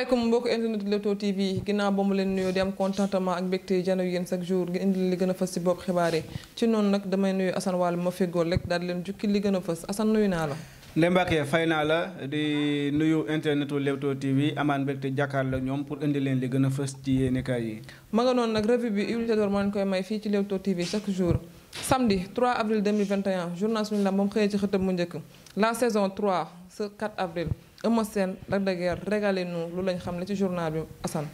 asalaamaaleykum mbokk internet Leewtoo TV ginnaaw ba mu leen nuyoo di am contentement ak mbégte yi jano yéen chaque a si bopp xibaar yi ci noonu nag damay nuyu Assane Wall ma feggool rek daal di leen jukki a fës Assane la Ndembake fay naa la di nuyu internetu Leewtoo TV amaan mbégte jàkkaarloo la ñoom pour indi leen li gën a fës ci yéenekaay yi ma nga noonu nag revue bi Ibrahima Dior moo leen koy may fii ci Leewtoo TV chaque jour samedi 3 avril 2021 journal suñu lam moom xëyee ci xëtëb mu njëkk la saison 3 ce 4 avril Eumeu Sène Lac de Guiers régalé nu lu lañ xam ne ci journal bi Assane.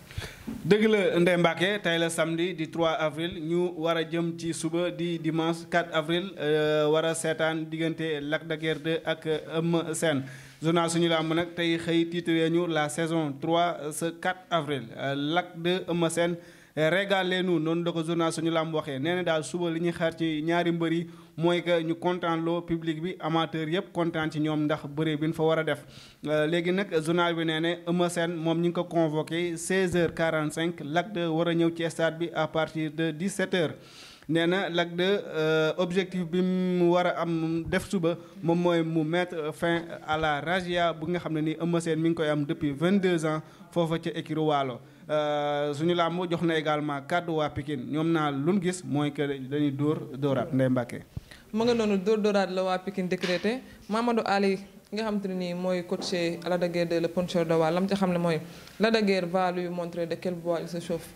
dëgg la Ndeye Mbacke tey la samedi di 3 avril ñu war a jëm ci suba di dimanche 4 avril euh, war a seetaan diggante Lac de Guiers 2 ak Eumeu Sène journal suñu làmb nag tey xëy tiitre ñu la saison 3 ce 4 avril euh, Lac de Eumeu Sène Eh, régalez-nous noonu la ko journal suñu làmb waxee nee na daal suba li ñuy xar ci ñaari mbër yi mooy que ñu kontaan loo bi amateur yëpp kontaan ci ñoom ndax bëre bi ñu fa war a def. Eh, léegi nag journal bi nee na Eumeu Sène moom ñi ngi ko convoqué 16h45 Lac 2 war a ñëw ci stade bi à partir de dix h nee na Lac 2 eh, objectif bi mu war a am def suba moom mooy mu mettre fin à la razzia bu nga xam ne ni Eumeu Sène mi ngi koy am depuis 22 ans foofa ca écurie Waalo Euh, suñu làmb jox na également kàddu waa Pikine ñoom naa luñ gis mooy que dañuy dóor dóoraat Ndeye Mbacke. mu nga noonu dóor dóoraat la waa Pikine décrété Mamadou Ali nga xam ne nii mooy coach Lac de Guiers 2 le puncheur de Waal xam ne mooy Lac de Guiers va lui montrer de quel bois il se chauffe.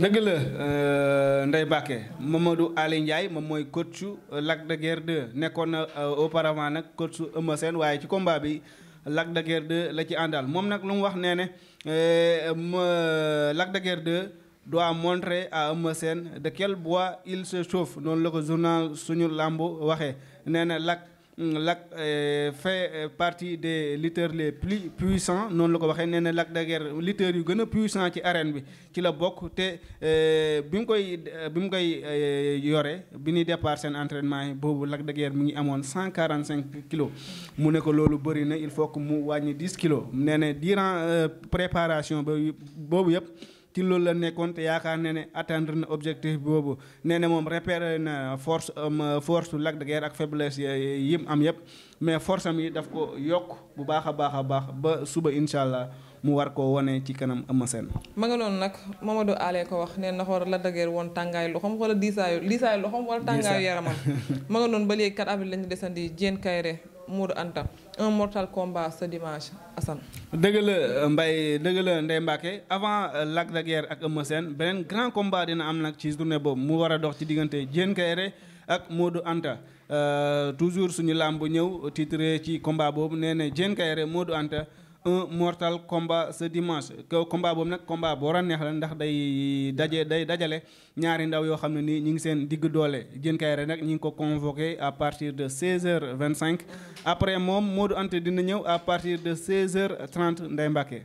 dëgg la euh, Ndeye Mbacke Mamadou Ali Ndiaye moom mooy coach euh, Lac de Guiers 2 nekkoon na auparavant nag coach Eumeu Sène waaye ci combat bi Lac de la ci àndal moom nag lu mu wax nee ne Euh, euh, Lac de Guiers de doit montrer à Eumeu Sène de quel bois il se chauffe noonu la ko journal suñu làmb waxee nee na Lac Mm, Lac euh, fait euh, partie des lutteurs les plus puissants noonu la ko waxee nee na Lac de Guiers lutteurs yu gën a puissant ci arène bi ci la bokk te euh, bi mu koy bi mu koy yore bi ñuy départ seen entraînement yi boobu lag de mu ngi amoon cent quarante cinq kilos mu ne ko loolu bëri na il faut que mu wàññi dix kilos nee na durant préparation ba boobu yëpp ci loolu la nekkoon te yaakaar ne ne atteindre na objectif boobu nee na moom repéré na force am um, force Lac de Guiers ak faiblesse yi mu am yëpp mais force am yi daf ko yokk bu baax a baax a baax ba suba incha allah mu war ko wane ci kanam Eumeu Sène ma nga noonu nag Mamadou Alé ko wax nee na war la de woon tàngaayu loxoom wala diisaayu diisaayu loxoom wala tàngaayu yaramam ma nga noonu ba léegi 4 avril lañu desandi Diène Kaïré Modou Anta un mortal combat ce dimanche Assane. dëgg la euh, Mbaye dëgg la Ndeye Mbacke avant euh, Lac de ak Eumeu Sène beneen grand combat dina am nag ci journée boobu mu war a dox ci diggante Diène Kairé ak Modou Anta euh, toujours suñu làmb ñëw titré ci combat boobu nee na Diène Kairé Modou Anta. un mortal combat ce dimanche combat boobu nag combat boo neex la ndax day daje day dajale ñaari ndaw yoo xam ne nii ñi ngi seen digg doole Diène Kaïré nag ñi ngi ko convoqué à partir de 16 vingt cinq après moom Modou Anta dina ñëw à partir de 16h30 Ndeye Mbacké.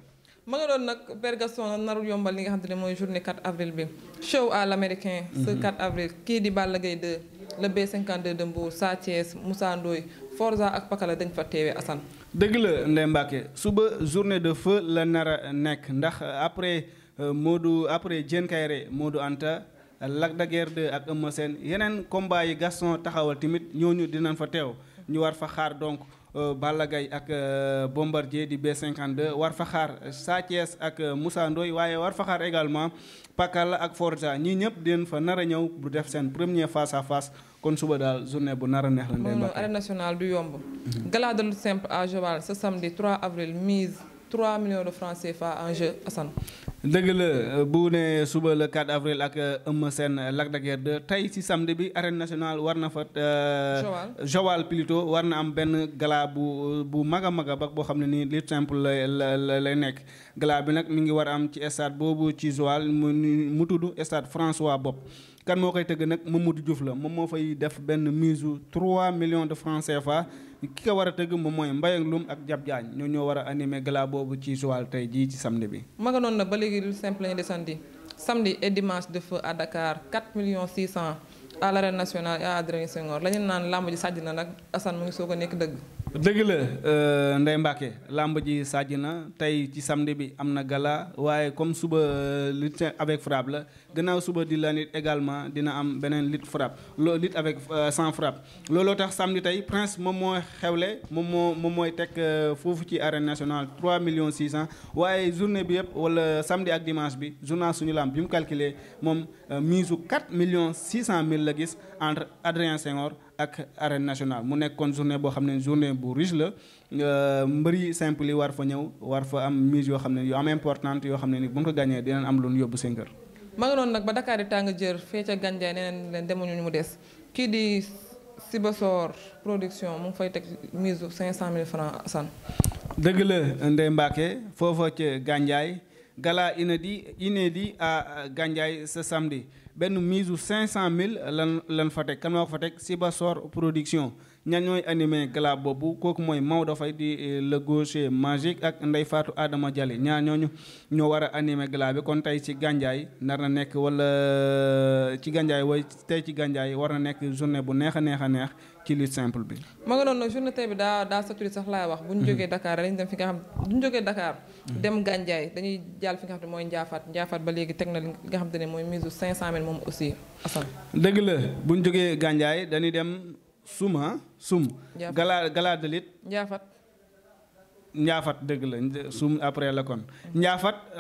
ma nga doon nag Père Gaston narul yombal li nga xam te ne mooy journée 4 avril bi show à l'américain ce 4 mhm. avril kii di Balla Gaye 2 le B52 de Mbour Sa Thiès Moussa ak Pakala dañ fa teewee dëgg la Ndeye Mbacke suba journée de feu la nar a nekk ndax après euh, Modou après Diène Kairé Modou Anta Lac de Guiers ak Eumeu seen yeneen combat yi Gaston taxawal tamit ñooñu dinañ fa teew ñu war fa xaar donc euh, Balla Gaye ak euh, Bombardier di B52 war fa xaar Sa Thiès ak Moussa Ndoye waaye war fa xaar également Pakala ak Forza ñii ñëpp dinañ fa nar a ñëw bu def seen première face à face kon suba daal journée bu nar a neex la. ndey Mbakke arène nationale du yomb. gala de lutte simple à Joal ce samedi 3 avril mise 3 millions de francs CFA en jeu Assane. la euh, bu ne suba le 4 avril ak euh, Eumeu Sène euh, Lac de Guiers tey si samedi bi arène nationale war na fa. Joal Joal plutôt war na am benn gala bu bu mag a mag a bag boo xam ne nii li simple lay lay nekk. gala bi nag mi ngi war a am ci stade boobu ci Joal mu tudd estade François Bopp. kan moo koy tëgg nag Mamadou Diouf la moom moo fay def benn mise 3 millions de francs CFA ki ko war a tëgg moom mooy Mbaye ak ak Jab Jaañ ñoo ñoo war a animé gala boobu ci suwaal tey jii ci samedi bi. ma nga noonu nag ba léegi lu simple lañu desandi samedi et dimanche de feu à Dakar 4 millions 600 à l'arène nationale et à la ñu naan làmb ji sàjj na nag Assane mu ngi soo ko nekk dëgg. dëgg la euh, Ndeye Mbacke làmb ji sàjj na tey ci samedi bi am na gala waaye comme suba euh, lutte avec frappe la gannaaw suba di la nit également dina am beneen lutte frappe loo lutte avec euh, sans looloo tax samedi tey prince moom moo xewle moom moo moom mooy teg foofu ci arène nationale 3 millions 600 waaye journée bi yëpp wala samedi ak dimanche bi journal suñu làmb bi mu calculé moom mise u 4 millions cent mille la gis entre Adrien Senghor ak arène nationale mu nekkoon journée boo xam ne journée bu riche la euh, mbëri simple yi war fa ñëw war fa am mise yoo xam ne yu yoo xam ne ni bu ñu ko gàñee dinañ am lu yóbbu seen kër nag ba Dakar tàng jër fee ca Gandiaye neeneen leen demuñu mu des kii di Sibassor production mu ngi fay teg mise cinq dëgg la Ndeye Mbacke foofa ca Gandiaye gala inédit inédit à Gandiaye ce samedi benn cinq u 500000 lan lan fa teg kan moo ko fa teg Sibassor productions ñan ñooy animé gala boobu kooku mooy Maodo Faye di eh, le gaucher magique ak Ndeye Fatou Adama Diallo ñaar ñooñu ñoo war a animé gala bi kon tey ci Gandiaye nar na nekk wala ci Gandiaye way tey ci Gandiaye war na nekk journée bu neex a neex a neex ci li simple bi. ma nga noonu journée tey bi daa daa saturé sax laay wax. bu ñu mhm. jógee Dakar dañuy dem fi nga xam bu ñu jógee Dakar. Mhm. dem Gandiaye dañuy jàll fi nga xam ne mooy Ndiafaat Ndiafaat ba léegi teg na li nga xam ne mooy mise 500000 moom aussi Assane. dëgg la bu ñu jógee Gandiaye dañuy dem. suma sum galaa galaa dalit njaafat njaafat dëgg la sum après la kon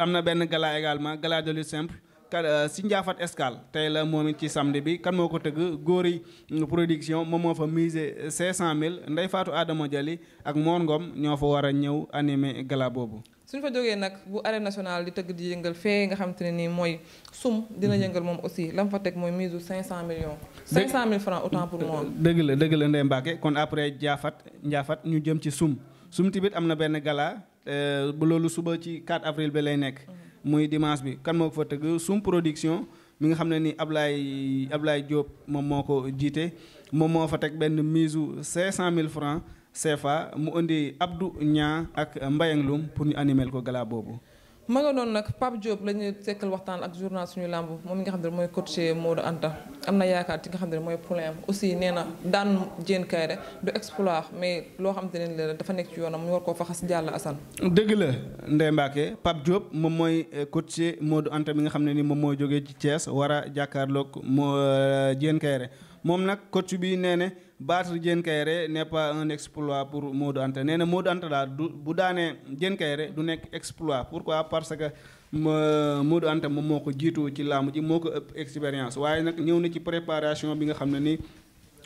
am na benn galaa également galaa dalit simple Euh, si Ndiaffate Escale tey la moom it ci samedi bi kan moo ko tëgg góor yi euh, production moom moo fa mise cinq cent mille ndey Fatou Adama Dialy ak Mor Ngom ñoo fa war a ñëw animé gala boobu suñu fa jógee nag bu arène nationale di tëgg di yëngal fee nga xam te ne nii mooy sum dina mhm. yëngal moom aussi la fa teg mooy mise u cinq cent millions cinq cent mille francs autant pour moi euh, dëgg la dëgg la Ndeye Mbacke kon après Ndiaffate Ndiaffate ñu jëm ci sum sum tamit am na benn gala bu loolu suba ci 4 avril bi lay nekk mhm. muy dimanche bi kan moo ko fa tëgg sum production mi nga xam ne ni Ablaye Ablaye jóob moom moo ko jiite moom moo fa teg benn mise u 500000 francs CFA mu indi Abdou ñaa ak Mbayang Loum pour ñu animel ko gala boobu ma nga noonu nag pap Diop la ñu sekkal waxtaan ak journal suñu làmb moom mi nga xam ne mooy coaché Modou Anta am na yaakaar ci nga xam ne mooy problème aussi nee na daan Diène Kaïré du exploit mais loo xam te ne dafa nekk ci yoonam ñu war koo fa xas jàll Assane. dëgg la Ndeye Mbacke Pape Diop moom mooy euh, coaché Modou Anta mi nga xam ne ni moom moo jógee ci Thiès war a jàkkaarloog moo euh, Diène Kaïré moom nag coach bi nee ne battre Diène Kairé n'est pas un exploit pour Modou Anta nee na Modou Anta daal du bu daanee Diène Kairé du nekk exploit pourquoi parce que Modou Anta moom moo ko jiitu ci làmb ji moo ko ëpp expérience waaye nag ñëw na ci préparation bi nga xam ne nii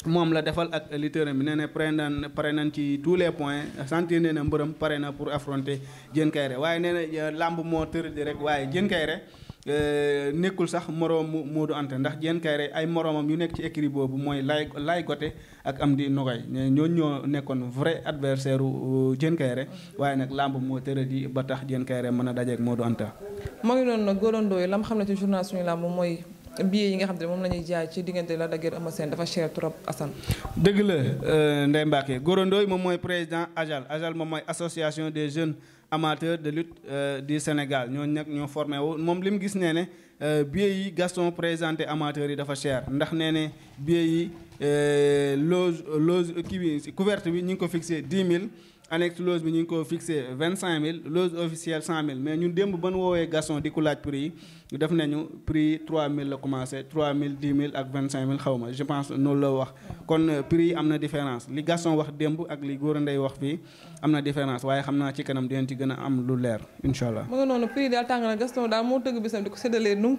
moom la defal ak lutteur bi nee na pare nañ pare nañ ci tous les points sentir ne na mbërëm pare na pour affronter Diène Kairé waaye nee na làmb moo tëradi rek waaye Diène Kairé Euh, nekkul sax mu moroomu du Anta ndax Diène Kaïré ay moroomam yu nekk ci écrit boobu mooy Laay Laay Goté ak Amdi Nogaye ñooñu ñoo nekkoon vrai adversaire u Diène Kaïré waaye nag lamb moo tëradi ba tax Diène Kaïré mën a dajeek Modou Anta. maa ngi doon nag góorandoo yi la xam ne ci journal suñu làmb mooy. billet yi nga xam ne moom la ñuy jaay ci diggante la daggeer Eumeu Sène dafa cher trop assan dëgg la euh, Ndeye Mbacke Gorondooy moom mooy président AJAL AJAL moom mooy association des jeunes amateur de lutte euh, du Sénégal ñoo nag ñoo formé wu moom li mu gis nee ne euh, billets yi Gaston présenté amateurs yi dafa cher ndax nee ne billets yi euh, loge loge kii bi couverte bi ñu ngi ko fixé 10 000 annexe loge bi ñu ngi ko fixé vingt cinq mille loge officielle mais ñun démb ba nu woowee Gaston di ko laaj prix yi def nañu prix trois mille la commencé trois mille dix mille ak vingt cinq mille xaw je pense noonu la wax. kon euh, prix yi am na différence li Gaston wax démb ak li Gora Ndeye wax fii am na différence waaye xam naa ci kanam dinañ ci gën a am lu leer incha mu ngi noonu prix yi daal tàng na Gaston daal moo tëgg bisam di ko séddalee nu mu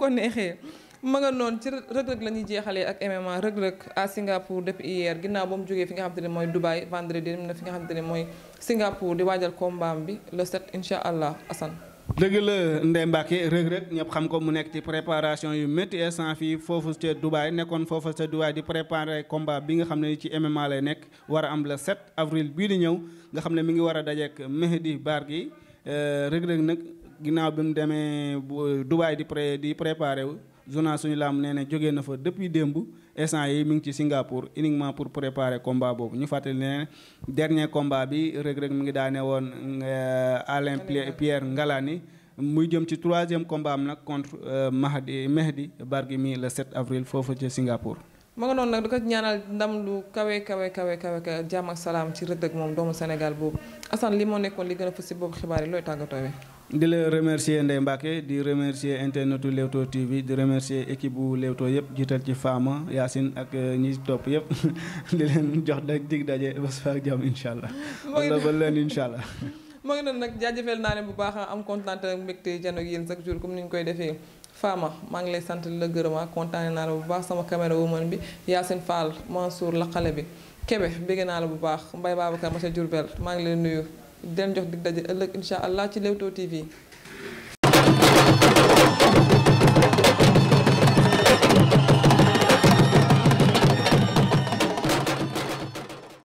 ma nga noonu ci rëg-rëg la ñuy jeexalee ak MMA rëg-rëg à Singapour depuis hier ginnaaw ba mu jógee fi nga xamante ne na fi nga waajal combat bi le incha allah Assane. dëgg la Ndeye Mbacke rëg ñëpp xam ko mu nekk ci préparation yu métti instant fii foofu ca Dubaay nekkoon foofu ca di préparer combat bi nga xam ne ci MMA lay nekk war a am le 7 avril bii di ñëw nga xam ne mi ngi war a dajeek Mehdi Bargui euh, rëg-rëg nag ginnaaw bi mu demee Dubaay di pré di préparer wu. journal suñu làmb nee ne jógee na fa depuis démb instant yi mi ngi ci Singapour uniquement pour préparer combat boobu ñu fàttali ne dernier combat bi Reug rek mu ngi daanee woon euh, Alain Pierre Ngalani muy jëm ci troisième combat am nag contre euh, Mahdi Mehdi Barguimi la 7 avril foofu ci Singapour. ma nga noonu nag di ko ñaanal ndam lu kawe kawe kawe kawe jàmm ak salaam ci Reug Reug moom doomu Sénégal boobu Assane li moo nekkoon li gën a fës si boobu xibaar tàggatoo di la remercier Ndeye Mbacke di remercier internetu Leewtoo TV di remercier équipe bu Leewtoo yëpp jiital ci Fama Yacine ak euh, ñi topp yëpp di leen jox dag dig daje ba suba ak jàmm incha allah. wala ba leen incha allah. moo ngi doon nag jaajëfal naa ne bu baax am kontaan ak mbégte jano ak yéen chaque jour comme ni ñu koy defee. Fama maa ngi lay sant la gërëmaa ah, kontaane naa la bu baax sama caméra woman bi Yacine Fall Mansour la xale bi Kébé bëgg naa la bu baax mbay Babacar ma ca maa ngi lay nuyu. den jox dig daje ëllëg incha allah ci Leewtoo TV.